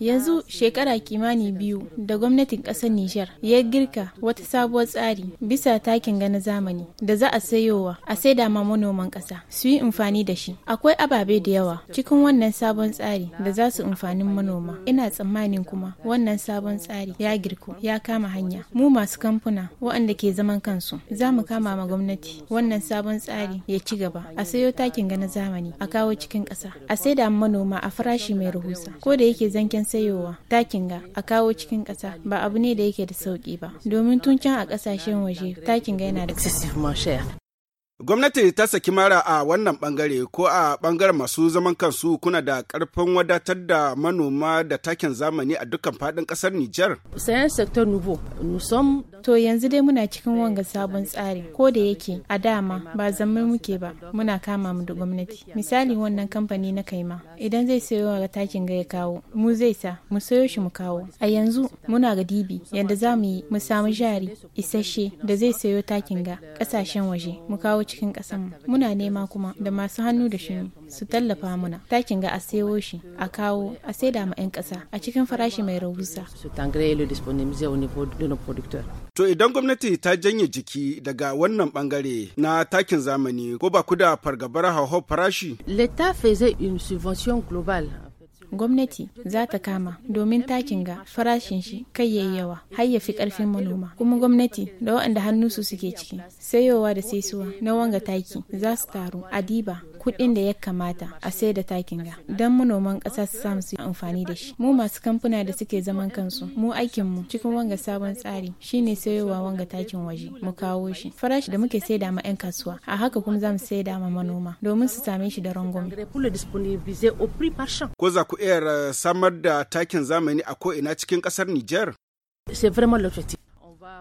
Yanzu shekara kimani biyu da gwamnatin ƙasar Nijar ya girka wata sabuwar tsari bisa takin ga zamani da za a sayowa a saida ma manoman ƙasa su yi amfani da shi. Akwai ababe da yawa cikin wannan sabon tsari da za su amfanin manoma. Ina tsammanin kuma wannan sabon tsari ya girko ya kama hanya. Mu masu kamfuna waɗanda ke zaman kansu za mu kama ma gwamnati wannan sabon tsari ya ci gaba a sayo takin ga zamani a kawo cikin ƙasa a saida manoma a farashi mai rahusa. samunsa ko da yake zanken sayowa takin ga a kawo cikin kasa ba abu ne da yake da sauƙi ba domin tun can a ƙasashen waje takin ga yana da Gwamnati ta saki mara a wannan bangare ko a bangaren masu zaman kansu kuna da karfin wadatar da manoma da takin zamani a dukkan fadin kasar Nijar. Sayan sektor nubo, nusom. To yanzu dai muna cikin wanga sabon tsari ko da yake a dama ba zama muke ba muna kama mu da gwamnati. Misali wannan kamfani na kaima idan zai sayo wa takin ga ya kawo mu zai sa mu sayo shi mu kawo. A yanzu muna ga dibi yadda za mu yi mu samu jari isasshe da zai sayo takin ga kasashen waje mu kawo cikin ƙasanmu muna nema kuma da masu hannu da shi su tallafa muna takin ga a sayo shi a kawo a saida ma 'yan ƙasa a cikin farashi mai rahusa to idan gwamnati ta janye jiki daga wannan bangare na takin zamani ko ba ku da fargabar hauhau farashi l'etat une subvention globale gwamnati za ta kama domin takin ga farashin shi kai yayi yawa har ya fi karfin manoma kuma gwamnati da waɗanda hannu su suke ciki sayowa da saisuwa na wanga taki za su taru adiba. kuɗin da ya kamata a sai da takin ga don manoman ƙasa su samu su amfani da shi mu masu kamfuna da suke zaman kansu mu aikin mu cikin wanga sabon tsari shine sayowa wanga takin waje mu kawo shi farashi da muke saida ma 'yan kasuwa a haka kuma zamu mu saida ma manoma domin su same shi da rangwame ko za ku iya samar da takin zamani a ko ina cikin ƙasar Nijar? C'est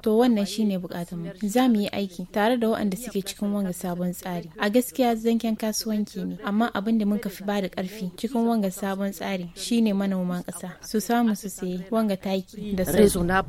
to wannan shine bukatun mu za mu yi aiki tare da waɗanda suke cikin wanga sabon tsari a gaskiya zanken kasuwanci ne amma abin da muka fi ba da karfi cikin wanga sabon tsari shine manoman ƙasa su samu su sayi wanga taki da sauki